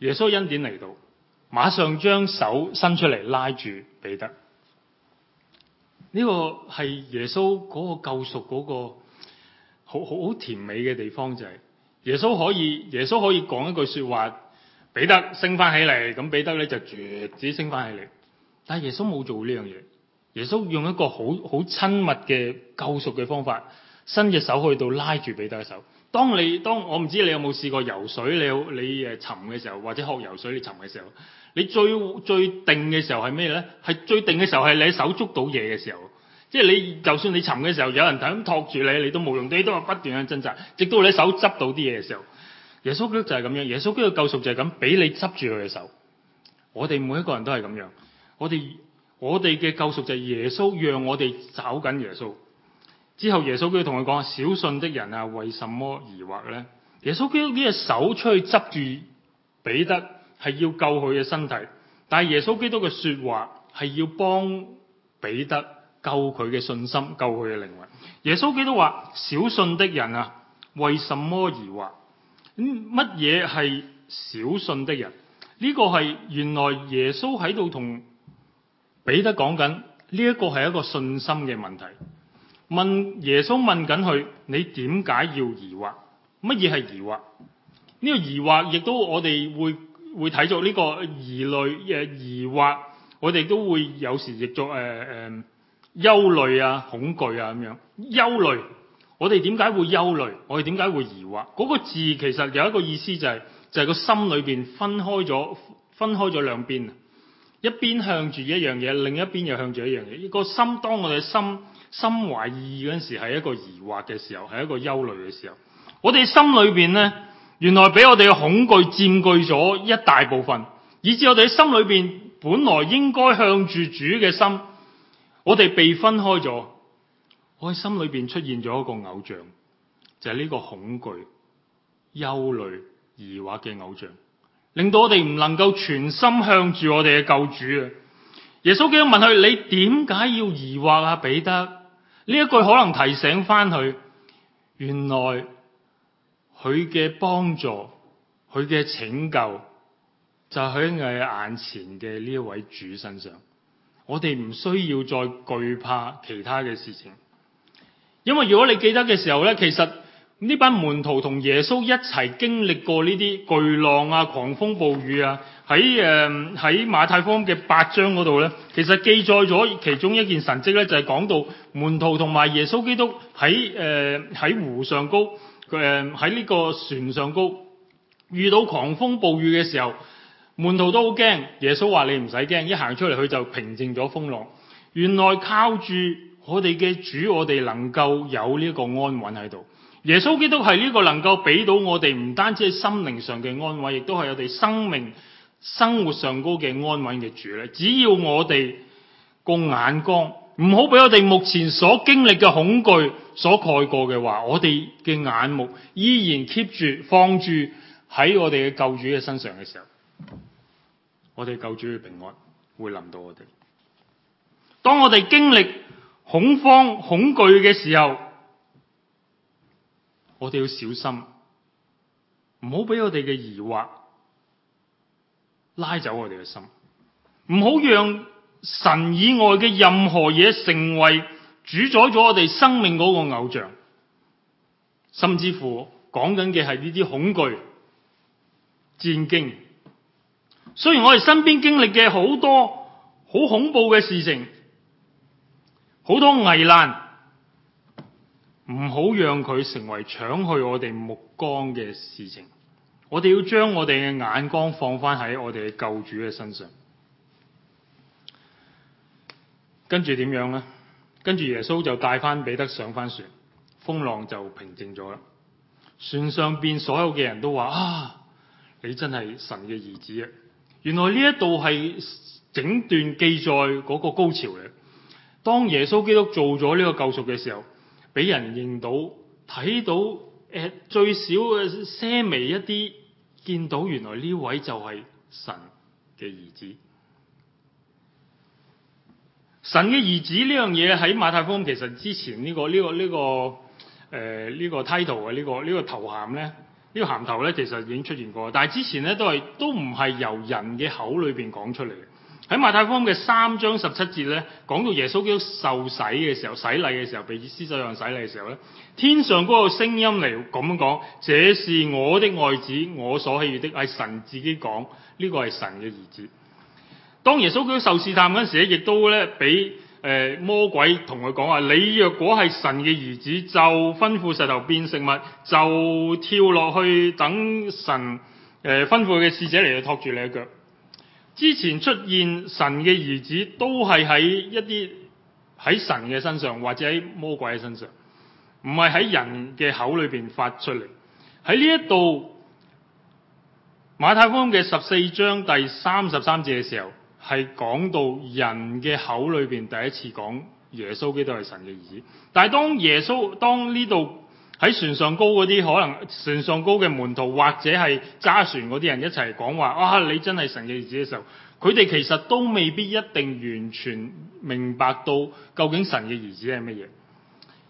耶穌恩典嚟到，馬上將手伸出嚟拉住彼得。呢、這個係耶穌個救贖、那個好好好甜美嘅地方就係、是，耶穌可以，耶穌可以講一句說話。彼得升翻起嚟，咁彼得咧就自己升翻起嚟。但係耶穌冇做呢樣嘢，耶穌用一個好好親密嘅救贖嘅方法，伸隻手去到拉住彼得嘅手。當你當我唔知你有冇試過游水，你你誒沉嘅時候，或者學游水你沉嘅時候，你最最定嘅時候係咩咧？係最定嘅時候係你手捉到嘢嘅時候。即係你就算你沉嘅時候有人等咁托住你，你都冇用，你都話不斷咁掙扎，直到你手執到啲嘢嘅時候。耶穌基督就係咁樣，耶穌基督嘅救贖就係咁，俾你執住佢嘅手。我哋每一個人都係咁樣，我哋我哋嘅救贖就係耶穌讓我哋找緊耶穌。之後耶穌基督同佢講：小信的人啊，為什麼疑惑咧？耶穌基督呢隻手出去執住彼得，係要救佢嘅身體，但係耶穌基督嘅說話係要幫彼得救佢嘅信心，救佢嘅靈魂。耶穌基督話：小信的人啊，為什麼疑惑？咁乜嘢係小信的人？呢個係原來耶穌喺度同彼得講緊，呢一個係一個信心嘅問題。問耶穌問緊佢，你點解要疑惑？乜嘢係疑惑？呢個疑惑亦都我哋會會睇作呢個疑慮、誒疑惑，我哋都會有時譯做誒誒憂慮啊、恐懼啊咁樣憂慮。我哋點解會憂慮？我哋點解會疑惑？嗰個字其實有一個意思，就係就係個心裏邊分開咗，分開咗兩邊，一邊向住一樣嘢，另一邊又向住一樣嘢。個心，當我哋心心懷意嗰陣時，係一個疑惑嘅時候，係一個憂慮嘅時候。我哋心裏邊呢，原來俾我哋嘅恐懼佔據咗一大部分，以致我哋喺心裏邊本來應該向住主嘅心，我哋被分開咗。我心裏邊出現咗一個偶像，就係呢個恐懼、憂慮、疑惑嘅偶像，令到我哋唔能夠全心向住我哋嘅救主啊！耶穌基督問佢：你點解要疑惑啊？彼得呢一句可能提醒翻佢，原來佢嘅幫助、佢嘅拯救就喺我哋眼前嘅呢一位主身上。我哋唔需要再懼怕其他嘅事情。因為如果你記得嘅時候咧，其實呢班門徒同耶穌一齊經歷過呢啲巨浪啊、狂風暴雨啊。喺誒喺馬太福音嘅八章嗰度咧，其實記載咗其中一件神跡咧，就係講到門徒同埋耶穌基督喺誒喺湖上高誒喺呢個船上高遇到狂風暴雨嘅時候，門徒都好驚，耶穌話你唔使驚，一行出嚟佢就平靜咗風浪。原來靠住。我哋嘅主，我哋能夠有呢個安穩喺度。耶穌基督係呢個能夠俾到我哋唔單止係心靈上嘅安慰，亦都係我哋生命生活上高嘅安穩嘅主咧。只要我哋個眼光唔好俾我哋目前所經歷嘅恐懼所蓋過嘅話，我哋嘅眼目依然 keep 住放住喺我哋嘅救主嘅身上嘅時候，我哋救主嘅平安會臨到我哋。當我哋經歷，恐慌、恐懼嘅時候，我哋要小心，唔好俾我哋嘅疑惑，拉走我哋嘅心，唔好讓神以外嘅任何嘢，成為主宰咗我哋生命嗰個偶像，甚至乎講緊嘅係呢啲恐懼、戰驚。雖然我哋身邊經歷嘅好多好恐怖嘅事情。好多危難，唔好讓佢成為搶去我哋目光嘅事情。我哋要將我哋嘅眼光放翻喺我哋嘅救主嘅身上。跟住點樣呢？跟住耶穌就帶翻彼得上翻船，風浪就平靜咗啦。船上邊所有嘅人都話：啊，你真係神嘅兒子啊！原來呢一度係整段記載嗰個高潮嚟。當耶穌基督做咗呢個救贖嘅時候，俾人認到睇到誒、呃、最少嘅些微一啲，見到原來呢位就係神嘅兒子。神嘅兒子呢樣嘢喺馬太福音其實之前呢、呢個呢、呢個呢、呢個誒呢、呃呢個 title 啊，呢、呢個呢、呢個頭銜咧，呢、呢個銜頭咧其實已經出現過，但係之前咧都係都唔係由人嘅口裏邊講出嚟。喺馬太福音嘅三章十七節咧，講到耶穌基督受洗嘅時候，洗禮嘅時候，被施洗約翰洗禮嘅時候咧，天上嗰個聲音嚟咁樣講：這是我的愛子，我所喜悦的。係神自己講，呢、這個係神嘅兒子。當耶穌基督受試探嗰時亦都咧俾誒魔鬼同佢講啊：你若果係神嘅兒子，就吩咐石頭變食物，就跳落去等神誒、呃、吩咐嘅使者嚟，托住你嘅腳。之前出現神嘅兒子都係喺一啲喺神嘅身上或者喺魔鬼嘅身上，唔係喺人嘅口裏邊發出嚟。喺呢一度，馬太福音嘅十四章第三十三節嘅時候，係講到人嘅口裏邊第一次講耶穌基督係神嘅兒子。但係當耶穌當呢度。喺船上高嗰啲可能船上高嘅門徒或者係揸船嗰啲人一齊講話啊，你真係神嘅兒子嘅時候，佢哋其實都未必一定完全明白到究竟神嘅兒子係乜嘢。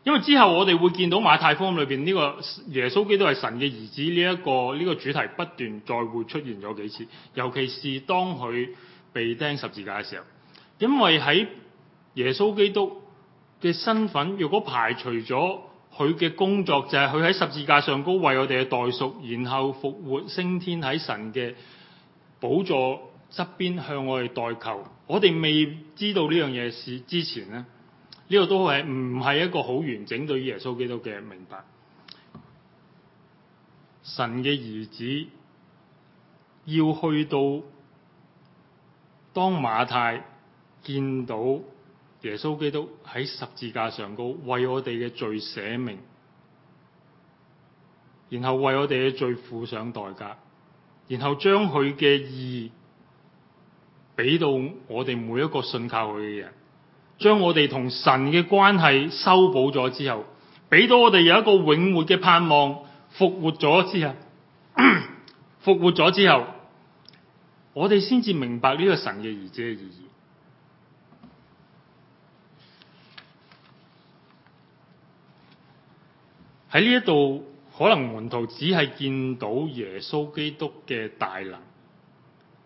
因為之後我哋會見到馬太福音裏邊呢、呢個耶穌基督係神嘅兒子呢、呢、一個呢、呢個主題不斷再會出現咗幾次，尤其是當佢被釘十字架嘅時候，因為喺耶穌基督嘅身份，如果排除咗。佢嘅工作就係佢喺十字架上高為我哋代贖，然後復活升天喺神嘅寶座側邊向我哋代求。我哋未知道呢樣嘢事之前咧，呢、呢個都係唔係一個好完整對於耶穌基督嘅明白。神嘅兒子要去到當馬太見到。耶穌基督喺十字架上高為我哋嘅罪捨命，然後為我哋嘅罪付上代價，然後將佢嘅義俾到我哋每一個信靠佢嘅人，將我哋同神嘅關係修補咗之後，俾到我哋有一個永活嘅盼望。復活咗之後， 復活咗之後，我哋先至明白呢個神嘅兒子嘅意義。喺呢一度，可能門徒只係見到耶穌基督嘅大能，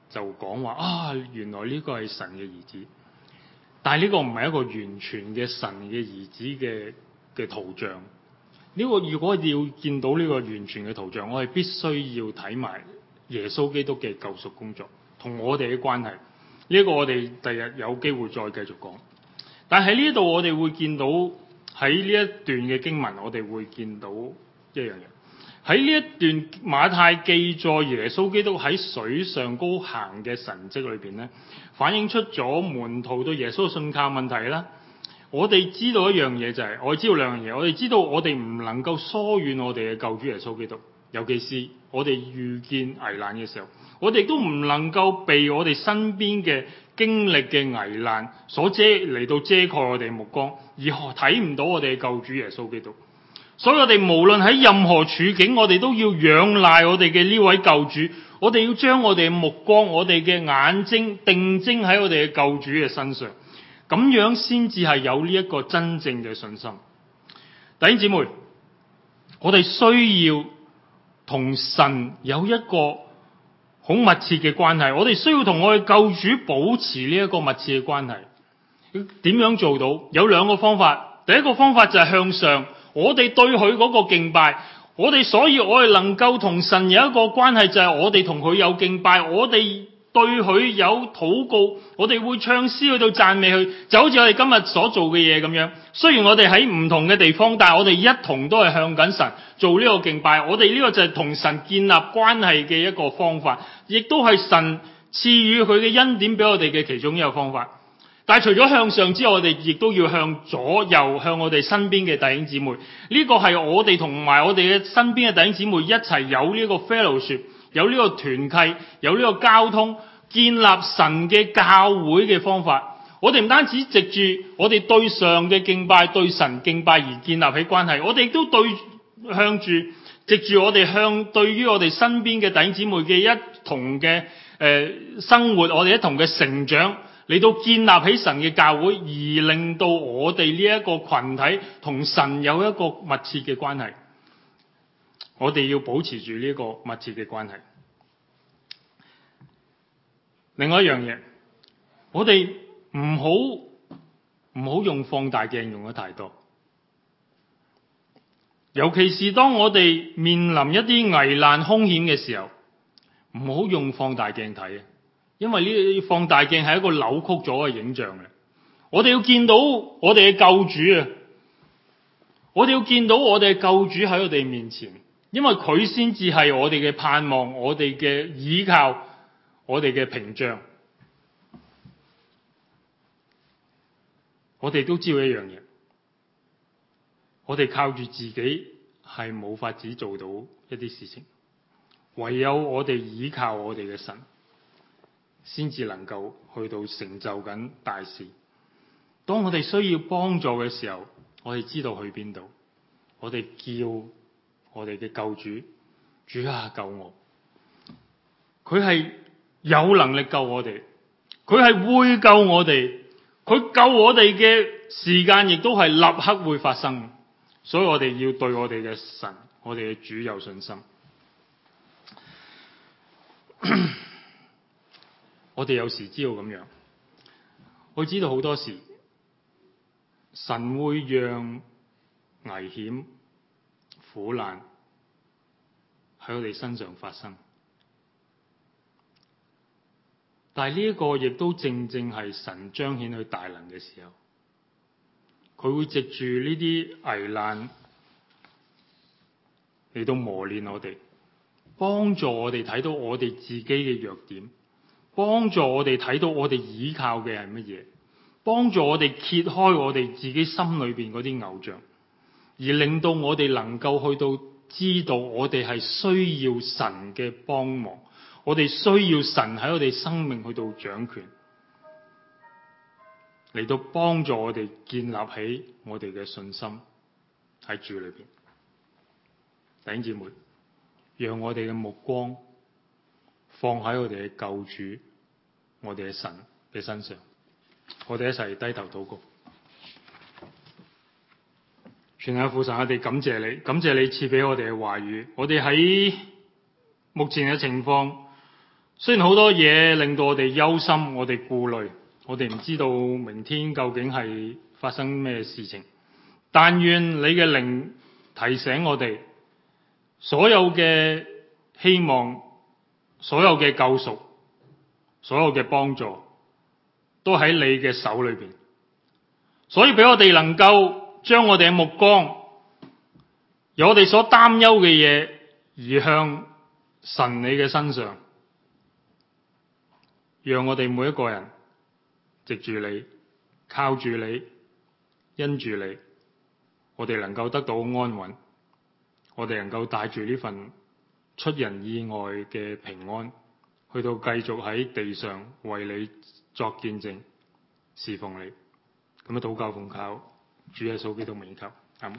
就講話啊，原來呢個係神嘅兒子。但係呢個唔係一個完全嘅神嘅兒子嘅嘅圖像。呢個如果要見到呢個完全嘅圖像，我係必須要睇埋耶穌基督嘅救贖工作同我哋嘅關係。呢個我哋第日有機會再繼續講。但喺呢度，我哋會見到。喺呢一段嘅經文，我哋會見到一樣嘢。喺呢一段馬太記載耶穌基督喺水上高行嘅神迹裏邊咧，反映出咗門徒對耶穌信靠問題啦。我哋知道一樣嘢就係、是，我哋知道兩樣嘢。我哋知道我哋唔能夠疏遠我哋嘅救主耶穌基督，尤其是我哋遇見危難嘅時候，我哋都唔能夠被我哋身邊嘅經歷嘅危難所遮，嚟到遮蓋我哋目光，而睇唔到我哋嘅救主耶穌基督。所以我哋無論喺任何處境，我哋都要仰賴我哋嘅呢位救主。我哋要將我哋嘅目光、我哋嘅眼睛定睛喺我哋嘅救主嘅身上，咁樣先至係有呢一個真正嘅信心。弟兄姊妹，我哋需要同神有一個。好密切嘅關係，我哋需要同我哋救主保持呢一個密切嘅關係。點樣做到？有兩個方法。第一個方法就係向上，我哋對佢嗰個敬拜，我哋，所以我哋能夠同神有一個關係，就係、是、我哋同佢有敬拜，我哋。對佢有禱告，我哋會唱詩去到讚美佢，就好似我哋今日所做嘅嘢咁樣。雖然我哋喺唔同嘅地方，但係我哋一同都係向緊神做呢個敬拜。我哋呢個就係同神建立關係嘅一個方法，亦都係神賜予佢嘅恩典俾我哋嘅其中一個方法。但係除咗向上之外，我哋亦都要向左右向我哋身邊嘅弟兄姊妹。呢個係我哋同埋我哋嘅身邊嘅弟兄姊妹一齊有呢個 fellowship，有呢個團契，有呢個交通。建立神嘅教會嘅方法，我哋唔單止藉住我哋對上嘅敬拜、對神敬拜而建立起關係，我哋亦都對向住藉住我哋向對於我哋身邊嘅弟兄姊妹嘅一同嘅誒生活，我哋一同嘅成長嚟到建立起神嘅教會，而令到我哋呢一個群體同神有一個密切嘅關係。我哋要保持住呢個密切嘅關係。另外一樣嘢，我哋唔好唔好用放大鏡用得太多，尤其是當我哋面臨一啲危難兇險嘅時候，唔好用放大鏡睇啊！因為呢啲放大鏡係一個扭曲咗嘅影像嘅。我哋要見到我哋嘅救主啊！我哋要見到我哋嘅救主喺我哋面前，因為佢先至係我哋嘅盼望，我哋嘅依靠。我哋嘅屏障，我哋都知道一樣嘢，我哋靠住自己係冇法子做到一啲事情，唯有我哋依靠我哋嘅神，先至能夠去到成就緊大事。當我哋需要幫助嘅時候，我哋知道去邊度，我哋叫我哋嘅救主，主啊，救我，佢係。有能力救我哋，佢係會救我哋，佢救我哋嘅時間亦都係立刻會發生，所以我哋要對我哋嘅神，我哋嘅主有信心。 我哋有時知道咁樣，我知道好多時，神會讓危險、苦難喺我哋身上發生。但係呢一個亦都正正係神彰顯去大能嘅時候，佢會藉住呢啲危難嚟到磨練我哋，幫助我哋睇到我哋自己嘅弱點，幫助我哋睇到我哋倚靠嘅係乜嘢，幫助我哋揭開我哋自己心裏邊啲偶像，而令到我哋能夠去到知道我哋係需要神嘅幫忙。我哋需要神喺我哋生命去到掌權，嚟到幫助我哋建立起我哋嘅信心喺主裏邊。弟兄姊妹，讓我哋嘅目光放喺我哋嘅救主、我哋嘅神嘅身上。我哋一齊低頭禱告。全亞父神，我哋感謝你，感謝你賜俾我哋嘅話語。我哋喺目前嘅情況。雖然好多嘢令到我哋憂心，我哋顧慮，我哋唔知道明天究竟係發生咩事情。但願你嘅靈提醒我哋，所有嘅希望、所有嘅救贖、所有嘅幫助，都喺你嘅手裏邊。所以俾我哋能夠將我哋嘅目光由我哋所擔憂嘅嘢移向神你嘅身上。讓我哋每一個人藉住你，靠住你，因住你，我哋能夠得到安穩，我哋能夠帶住呢份出人意外嘅平安，去到繼續喺地上為你作見證、侍奉你，咁樣禱告奉靠，主耶穌基督，名求，阿門。